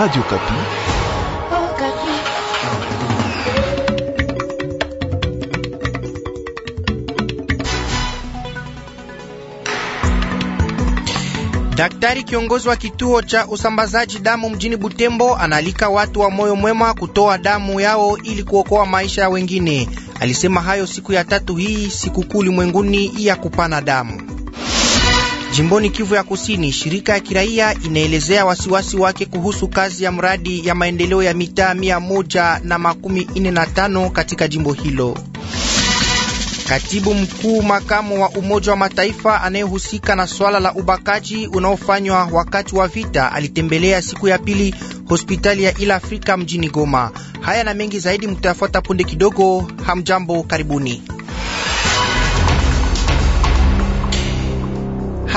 Radio Kapi. Oh, Kapi. Daktari kiongozi wa kituo cha usambazaji damu mjini Butembo analika watu wa moyo mwema kutoa damu yao ili kuokoa maisha ya wengine. Alisema hayo siku ya tatu hii, sikukuu limwenguni ya kupana damu. Jimboni Kivu ya Kusini, shirika ya kiraia inaelezea wasiwasi wake kuhusu kazi ya mradi ya maendeleo ya mitaa mia moja na makumi ine na tano katika jimbo hilo. Katibu mkuu makamu wa Umoja wa Mataifa anayehusika na swala la ubakaji unaofanywa wakati wa vita alitembelea siku ya pili hospitali ya Ila Afrika mjini Goma. Haya na mengi zaidi mutayafuata punde kidogo. Hamjambo, karibuni.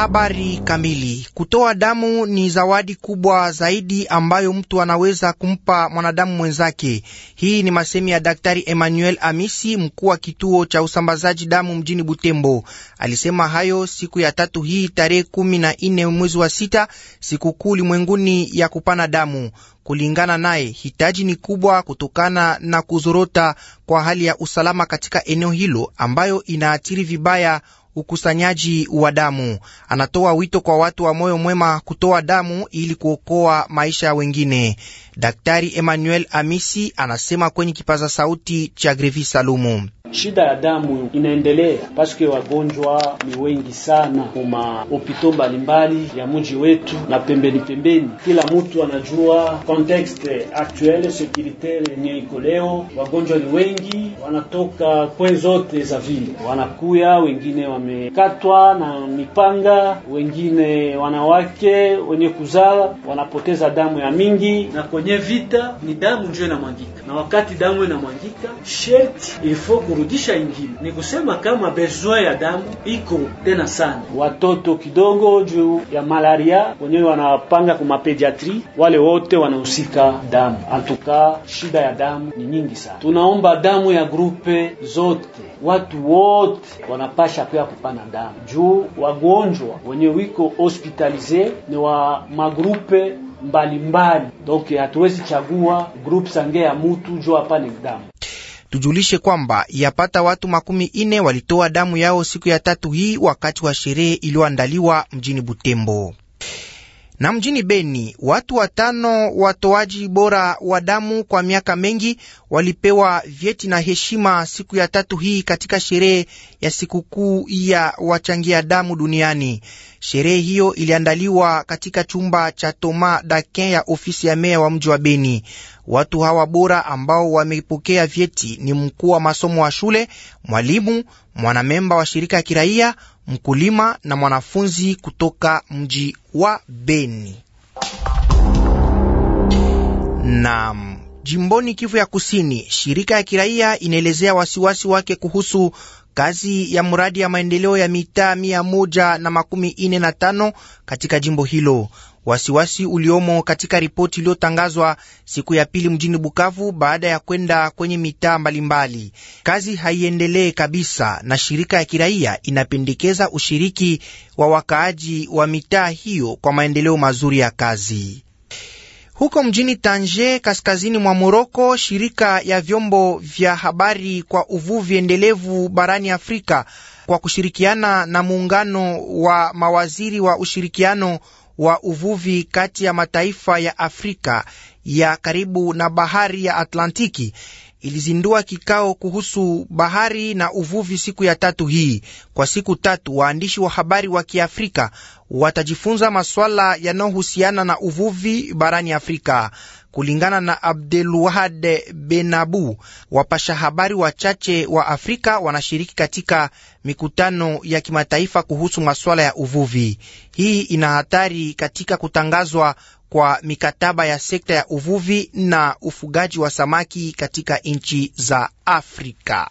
Habari kamili. Kutoa damu ni zawadi kubwa zaidi ambayo mtu anaweza kumpa mwanadamu mwenzake. Hii ni masemi ya Daktari Emmanuel Amisi, mkuu wa kituo cha usambazaji damu mjini Butembo. Alisema hayo siku ya tatu hii tarehe kumi na nne mwezi wa sita, sikukuu ulimwenguni ya kupana damu. Kulingana naye, hitaji ni kubwa kutokana na kuzorota kwa hali ya usalama katika eneo hilo ambayo inaathiri vibaya ukusanyaji wa damu. Anatoa wito kwa watu wa moyo mwema kutoa damu ili kuokoa maisha ya wengine. Daktari Emmanuel Amisi anasema kwenye kipaza sauti cha Grevi Salumu. Shida ya damu inaendelea paske wagonjwa ni wengi sana kuma hopito mbalimbali ya mji wetu na pembeni pembeni. Kila mtu anajua contexte actuelle securitaire yenye iko leo. Wagonjwa ni wengi, wanatoka kwen zote za vile wanakuya, wengine wamekatwa na mipanga, wengine wanawake wenye kuzaa wanapoteza damu ya mingi, na kwenye vita ni damu ndio inamwangika, na wakati damu inamwangika sherti ilifo kurudisha Injili ni kusema kama besoin ya damu iko tena sana. Watoto kidogo juu ya malaria wenyewe wanawapanga kwa mapediatri, wale wote wanahusika damu. Antuka shida ya damu ni nyingi sana, tunaomba damu ya grupe zote, watu wote wanapasha pia kupana damu juu wagonjwa wenye wiko hospitalize ni wa magrupe mbalimbali, donc hatuwezi chagua grupe sange ya mutu juu apane damu. Tujulishe kwamba yapata watu makumi ine walitoa damu yao siku ya tatu hii wakati wa sherehe iliyoandaliwa mjini Butembo na mjini Beni watu watano watoaji bora wa damu kwa miaka mengi walipewa vyeti na heshima siku ya tatu hii katika sherehe ya sikukuu ya wachangia damu duniani. Sherehe hiyo iliandaliwa katika chumba cha Toma Dakin ya ofisi ya meya wa mji wa Beni. Watu hawa bora ambao wamepokea vyeti ni mkuu wa masomo wa shule, mwalimu, mwanamemba wa shirika ya kiraia, mkulima na mwanafunzi kutoka mji wa Beni. Naam. Jimboni Kivu ya Kusini, shirika ya kiraia inaelezea wasiwasi wake kuhusu kazi ya mradi ya maendeleo ya mitaa mia moja na makumi ine na tano katika jimbo hilo wasiwasi uliomo katika ripoti iliyotangazwa siku ya pili mjini Bukavu baada ya kwenda kwenye mitaa mbalimbali. Kazi haiendelee kabisa, na shirika ya kiraia inapendekeza ushiriki wa wakaaji wa mitaa hiyo kwa maendeleo mazuri ya kazi. Huko mjini tanje kaskazini mwa Moroko, shirika ya vyombo vya habari kwa uvuvi endelevu barani Afrika kwa kushirikiana na muungano wa mawaziri wa ushirikiano wa uvuvi kati ya mataifa ya Afrika ya karibu na bahari ya Atlantiki ilizindua kikao kuhusu bahari na uvuvi siku ya tatu hii. Kwa siku tatu, waandishi wa habari wa Kiafrika watajifunza masuala yanayohusiana na uvuvi barani Afrika kulingana na Abdelwahad Benabu. Wapasha habari wachache wa Afrika wanashiriki katika mikutano ya kimataifa kuhusu masuala ya uvuvi. Hii ina hatari katika kutangazwa kwa mikataba ya sekta ya uvuvi na ufugaji wa samaki katika nchi za Afrika.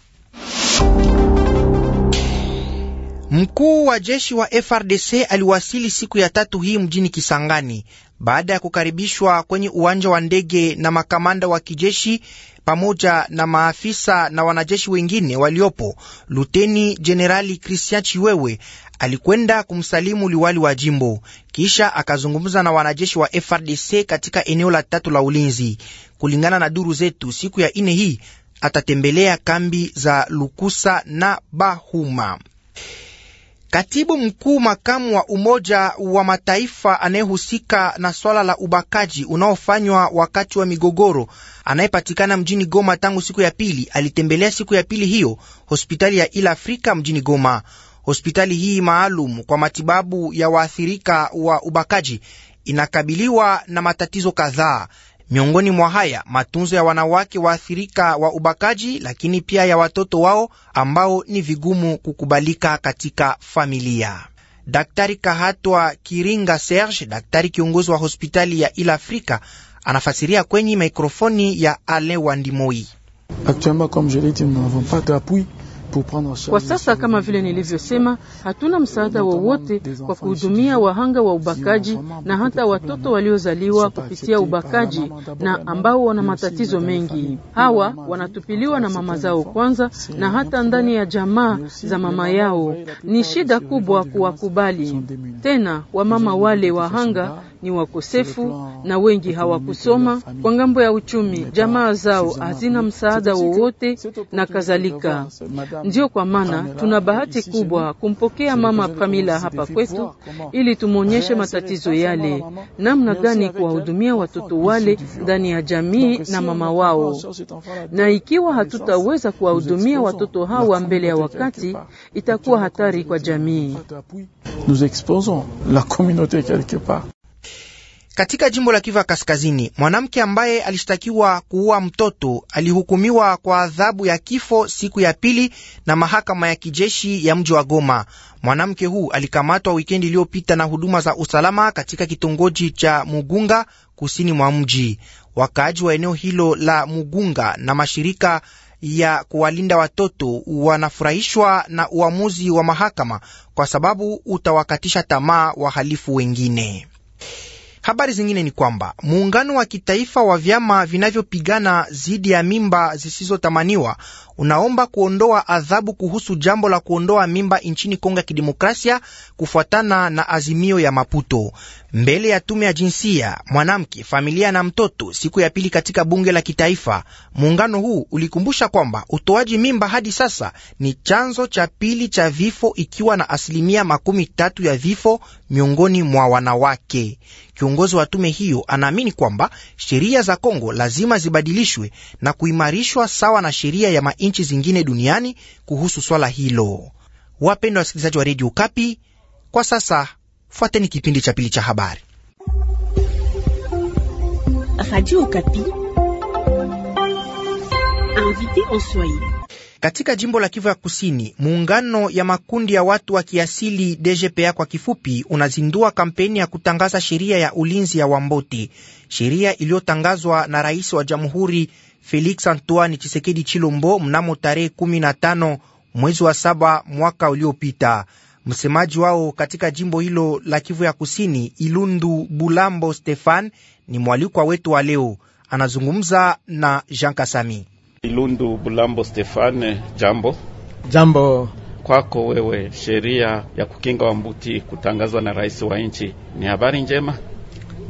Mkuu wa jeshi wa FRDC aliwasili siku ya tatu hii mjini Kisangani baada ya kukaribishwa kwenye uwanja wa ndege na makamanda wa kijeshi pamoja na maafisa na wanajeshi wengine waliopo. Luteni Jenerali Christian Chiwewe alikwenda kumsalimu liwali wa jimbo, kisha akazungumza na wanajeshi wa FRDC katika eneo la tatu la ulinzi. Kulingana na duru zetu, siku ya ine hii atatembelea kambi za Lukusa na Bahuma. Katibu mkuu makamu wa Umoja wa Mataifa anayehusika na swala la ubakaji unaofanywa wakati wa migogoro anayepatikana mjini Goma tangu siku ya pili alitembelea siku ya pili hiyo hospitali ya Il Afrika mjini Goma. Hospitali hii maalum kwa matibabu ya waathirika wa ubakaji inakabiliwa na matatizo kadhaa, Miongoni mwa haya, matunzo ya wanawake waathirika wa ubakaji, lakini pia ya watoto wao ambao ni vigumu kukubalika katika familia. Daktari Kahatwa Kiringa Serge, daktari kiongozi wa hospitali ya Il Afrika, anafasiria kwenye mikrofoni ya Ale Wandimoi. Kwa sasa kama vile nilivyosema, hatuna msaada wowote kwa kuhudumia wahanga wa ubakaji na hata watoto waliozaliwa kupitia ubakaji na ambao wana matatizo mengi. Hawa wanatupiliwa na mama zao kwanza, na hata ndani ya jamaa za mama yao. Ni shida kubwa kuwakubali tena wamama wale wahanga ni wakosefu na wengi hawakusoma. Kwa ngambo ya uchumi, jamaa zao hazina msaada wowote na kadhalika. ndio kwa maana tuna bahati kubwa kumpokea mama Pramila hapa kwetu, ili tumwonyeshe eh, matatizo yale, namna gani kuwahudumia watoto wale ndani ya jamii na mama wao, na ikiwa hatutaweza kuwahudumia watoto hawa mbele ya wakati, itakuwa hatari kwa jamii. Nous exposons la communauté quelque part. Katika jimbo la Kivu Kaskazini, mwanamke ambaye alishtakiwa kuua mtoto alihukumiwa kwa adhabu ya kifo siku ya pili na mahakama ya kijeshi ya mji wa Goma. Mwanamke huu alikamatwa wikendi iliyopita na huduma za usalama katika kitongoji cha Mugunga, kusini mwa mji. Wakaaji wa eneo hilo la Mugunga na mashirika ya kuwalinda watoto wanafurahishwa na uamuzi wa mahakama kwa sababu utawakatisha tamaa wahalifu wengine. Habari zingine ni kwamba muungano wa kitaifa wa vyama vinavyopigana dhidi ya mimba zisizotamaniwa unaomba kuondoa adhabu kuhusu jambo la kuondoa mimba nchini Kongo ya Kidemokrasia kufuatana na azimio ya Maputo mbele ya tume ya jinsia, mwanamke, familia na mtoto siku ya pili katika bunge la kitaifa. Muungano huu ulikumbusha kwamba utoaji mimba hadi sasa ni chanzo cha pili cha vifo ikiwa na asilimia makumi tatu ya vifo miongoni mwa wanawake. Kiongozi wa tume hiyo anaamini kwamba sheria za Kongo lazima zibadilishwe na kuimarishwa sawa na sheria ya maini nchi zingine duniani kuhusu swala hilo. Wapendwa wasikilizaji wa redio ukapi kwa sasa fuateni kipindi cha pili cha habari. Radio Kapi invité en Swahili katika jimbo la Kivu ya Kusini, muungano ya makundi ya watu wa kiasili DGPA kwa kifupi, unazindua kampeni ya kutangaza sheria ya ulinzi ya Wamboti, sheria iliyotangazwa na rais wa jamhuri Felix Antoine Chisekedi Chilombo mnamo tarehe 15 mwezi wa saba mwaka uliopita. Msemaji wao katika jimbo hilo la Kivu ya Kusini, Ilundu Bulambo Stefan, ni mwalikwa wetu wa leo, anazungumza na Jean Kasami. Ilundu Bulambo Stefane, jambo jambo. Kwako wewe, sheria ya kukinga wambuti kutangazwa na rais wa nchi ni habari njema?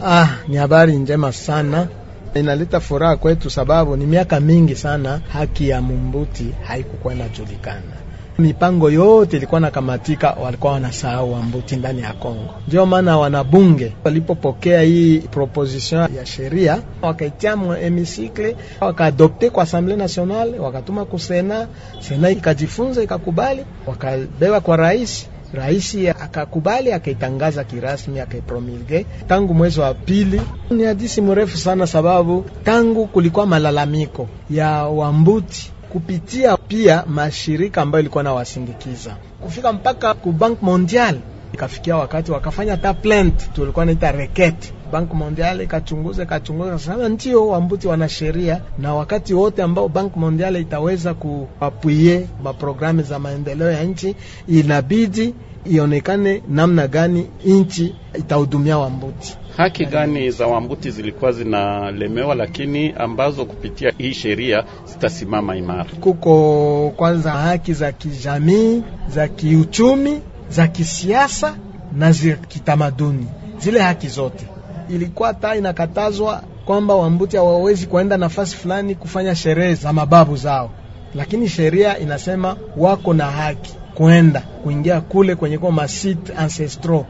Ah, ni habari njema sana, inaleta furaha kwetu, sababu ni miaka mingi sana haki ya mumbuti haikukuwa inajulikana mipango yote ilikuwa nakamatika, walikuwa wanasahau Wambuti ndani ya Kongo. Ndio maana wanabunge walipopokea hii proposition ya sheria wakaitia hemisikle, wakaadopte kwa Assemble Nationale, wakatuma kusena sena, ikajifunza ikakubali, wakabewa kwa rais Raisi akakubali akaitangaza kirasmi akaipromulge tangu mwezi wa pili. Ni hadisi mrefu sana, sababu tangu kulikuwa malalamiko ya Wambuti kupitia pia mashirika ambayo ilikuwa nawasindikiza kufika mpaka ku Bank Mondial. Ikafikia wakati wakafanya ta plant tulikuwa naita reketi. Bank Mondial ikachunguza ikachunguza, sasa ndio wambuti wana sheria, na wakati wote ambao Bank Mondial itaweza kuapuie maprogramu za maendeleo ya nchi inabidi ionekane namna gani nchi itahudumia Wambuti. Haki gani za Wambuti zilikuwa zinalemewa, lakini ambazo kupitia hii sheria zitasimama imara? Kuko kwanza haki za kijamii, za kiuchumi, za kisiasa na za kitamaduni. Zile haki zote ilikuwa ta inakatazwa kwamba Wambuti hawawezi kuenda nafasi fulani kufanya sherehe za mababu zao, lakini sheria inasema wako na haki kwenda kuingia kule kwenye kwa masit ancestro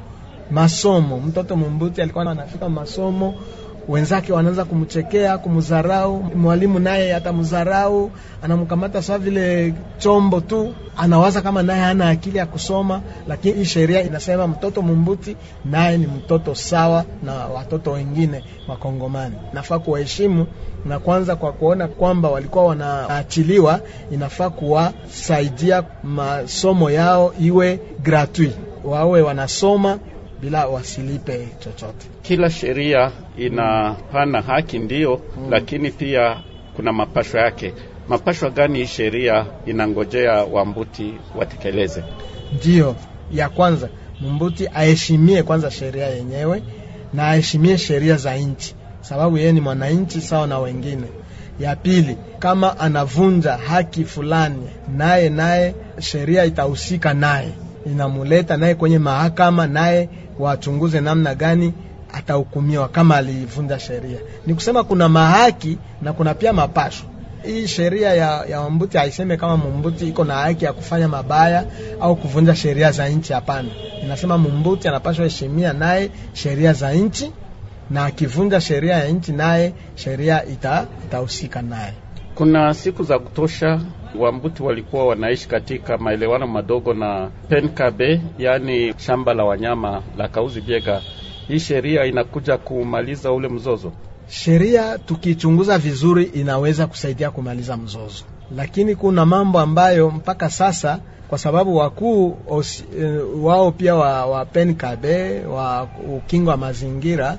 masomo. Mtoto Mumbuti alikuwa anafika masomo wenzake wanaanza kumchekea, kumdharau. Mwalimu naye atamdharau, anamkamata sawa vile chombo tu, anawaza kama naye hana akili ya kusoma. Lakini hii sheria inasema mtoto mumbuti naye ni mtoto sawa na watoto wengine Wakongomani, nafaa kuwaheshimu na kwanza kwa kuona kwamba walikuwa wanaachiliwa, inafaa kuwasaidia masomo yao iwe gratuit, wawe wanasoma bila wasilipe chochote. Kila sheria inapana hmm. haki ndiyo, mm. lakini pia kuna mapasho yake. Mapasho gani sheria inangojea wambuti watekeleze? Ndiyo, ya kwanza mumbuti aheshimie kwanza sheria yenyewe na aheshimie sheria za nchi, sababu yeye ni mwananchi sawa na wengine. Ya pili, kama anavunja haki fulani, naye naye sheria itahusika naye inamuleta naye kwenye mahakama, naye wachunguze namna gani atahukumiwa kama alivunja sheria. Ni kusema kuna mahaki na kuna pia mapasho. Hii sheria ya, ya mbuti haiseme kama mumbuti iko na haki ya kufanya mabaya au kuvunja sheria za nchi. Hapana, inasema mumbuti anapashwa heshimia naye sheria za nchi, na akivunja sheria ya nchi naye sheria itahusika ita naye. Kuna siku za kutosha Wambuti walikuwa wanaishi katika maelewano madogo na Penkabe, yaani shamba la wanyama la Kauzi Biega. Hii sheria inakuja kumaliza ule mzozo. Sheria tukichunguza vizuri, inaweza kusaidia kumaliza mzozo, lakini kuna mambo ambayo mpaka sasa kwa sababu wakuu eh, wao pia wa, wa Penkabe wa ukingo wa mazingira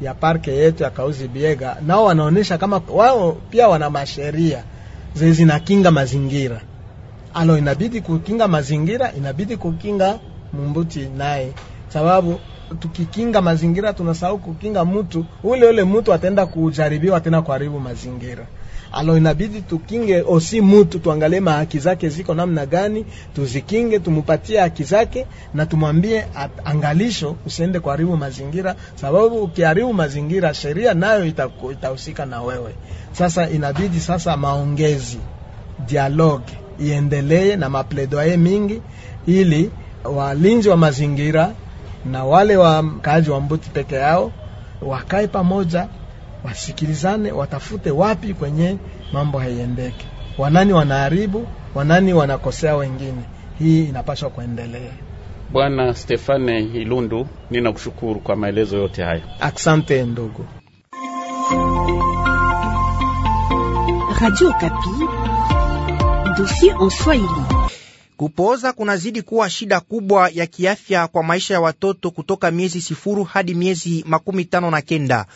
ya parke yetu ya Kauzi Biega, nao wanaonyesha kama wao pia wana masheria zile zinakinga mazingira. Alo, inabidi kukinga mazingira, inabidi kukinga mumbuti naye, sababu tukikinga mazingira tunasahau kukinga mtu ule ule, mtu ataenda kujaribiwa tena kuharibu mazingira alo inabidi tukinge osi mutu, tuangalie mahaki zake ziko namna gani, tuzikinge, tumupatie haki zake na tumwambie angalisho, usiende kuharibu mazingira, sababu ukiharibu mazingira sheria nayo itahusika ita na wewe. Sasa inabidi sasa maongezi, dialogue iendelee na mapledoye mingi, ili walinzi wa mazingira na wale wakaaji wa Mbuti peke yao wakae pamoja wasikilizane, watafute wapi kwenye mambo haiendeke, wanani wanaharibu, wanani wanakosea wengine. Hii inapaswa kuendelea. Bwana Stefane Ilundu, ninakushukuru kwa maelezo yote hayo. Asante ndugu. Radio Kapi, dosie en Swahili. Kupooza kunazidi kuwa shida kubwa ya kiafya kwa maisha ya watoto kutoka miezi sifuru hadi miezi makumi tano na kenda.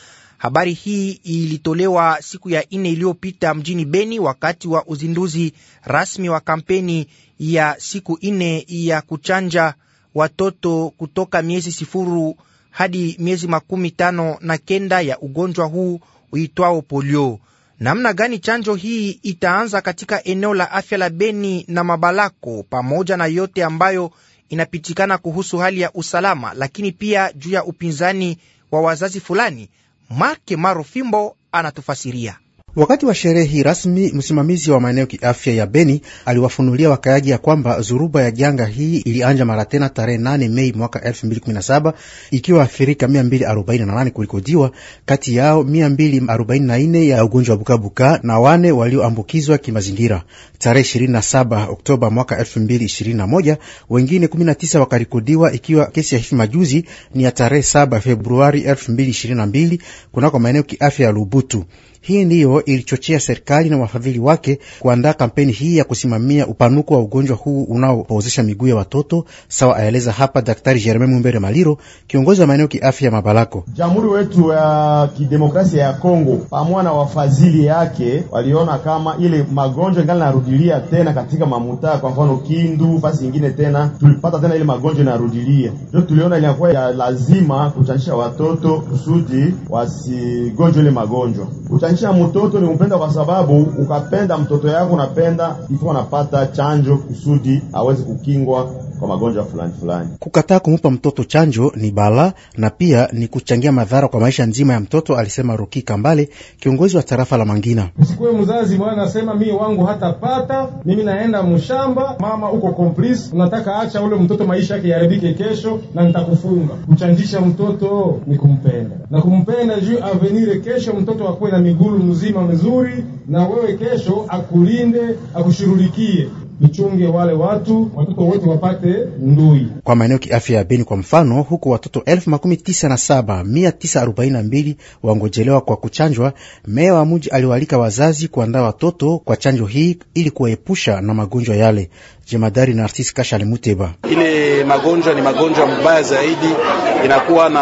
Habari hii ilitolewa siku ya nne iliyopita mjini Beni wakati wa uzinduzi rasmi wa kampeni ya siku nne ya kuchanja watoto kutoka miezi sifuru hadi miezi makumi tano na kenda ya ugonjwa huu uitwao polio. Namna gani chanjo hii itaanza katika eneo la afya la Beni na Mabalako, pamoja na yote ambayo inapitikana kuhusu hali ya usalama, lakini pia juu ya upinzani wa wazazi fulani Marke Marufimbo anatufasiria. Wakati wa sherehe hii rasmi, msimamizi wa maeneo kiafya ya Beni aliwafunulia wakaaji ya kwamba zuruba ya janga hii ilianja mara tena tarehe 8 Mei mwaka 2017 ikiwa athirika 248 kulikojiwa, kati yao 244 ya ugonjwa wa bukabuka na wane walioambukizwa kimazingira. Tarehe 27 Oktoba mwaka 2021 wengine 19 wakarikodiwa ikiwa kesi ya hivi majuzi ni ya tarehe 7 Februari 2022 kunako maeneo kiafya ya Lubutu. Hii ndiyo ilichochea serikali na wafadhili wake kuandaa kampeni hii ya kusimamia upanuko wa ugonjwa huu unaopozesha miguu ya watoto, sawa aeleza hapa Daktari Germain Mumbere Maliro, kiongozi wa maeneo kiafya ya Mabalako. Jamhuri wetu ya kidemokrasia ya Kongo pamoja na wafadhili yake waliona kama ile magonjwa ingali narudilia tena katika mamutaa, kwa mfano Kindu, basi ingine tena tulipata tena ile magonjwa inarudilia, ndio tuliona inakuwa ya lazima kuchanisha watoto kusudi wasigonjwa ile magonjwa Unaisha mtoto ni kumpenda kwa sababu ukapenda mtoto yako unapenda mtu anapata chanjo kusudi aweze kukingwa kwa magonjwa fulani fulani. Kukataa kumupa mtoto chanjo ni bala na pia ni kuchangia madhara kwa maisha nzima ya mtoto, alisema Ruki Kambale, kiongozi wa tarafa la Mangina. Usikuwe mzazi mwana asema mimi wangu hatapata mimi, naenda mshamba, mama uko komplisi unataka acha ule mtoto maisha yake yaribike kesho, na nitakufunga kuchanjisha mtoto ni kumpenda na kumpenda juu avenire kesho mtoto akuwe na migulu mzima mizuri, na wewe kesho akulinde, akushurulikie tuchunge wale watu, watoto wote wapate ndui. Kwa maeneo kiafya ya Beni kwa mfano, huku watoto elfu makumi tisa na saba mia tisa arobaini na mbili wangojelewa kwa kuchanjwa. Meya wa muji aliwalika wazazi kuandaa watoto kwa chanjo hii ili kuwaepusha na magonjwa yale jemadari Narcis Kashale Muteba. Ile magonjwa ni magonjwa mbaya zaidi, inakuwa na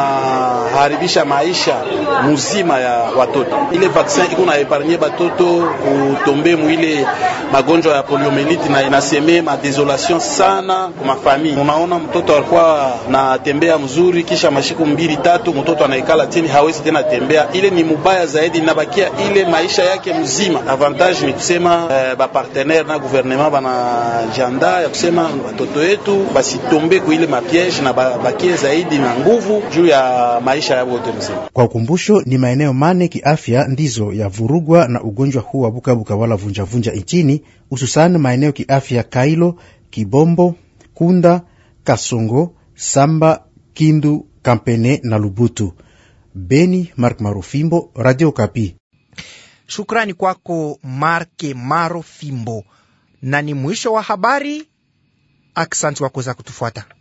haribisha maisha mzima ya watoto. Ile vaksin iko na epargne batoto kutombe mwile magonjwa ya poliomeliti na inaseme ma desolation sana kwa mafamili. Unaona mtoto alikuwa na tembea mzuri, kisha mashiku mbili tatu, mtoto anaikala chini, hawezi tena tembea. Ile ni mubaya zaidi, inabakia ile maisha yake mzima. Avantage ni kusema eh, ba partenaire na gouvernement bana kujiandaa ya kusema watoto wetu basitombe ile mapiege na bakie zaidi na nguvu juu ya maisha yao yote mzima. Kwa ukumbusho, ni maeneo mane kiafya ndizo ya vurugwa na ugonjwa huu wa bukabuka wala vunjavunja nchini, hususan maeneo kiafya Kailo, Kibombo, Kunda, Kasongo, Samba, Kindu, Kampene na Lubutu. Beni, Mark Marufimbo, Radio Kapi. Shukrani kwako Marke Marofimbo na ni mwisho wa habari. Aksanti kwa kuweza kutufuata.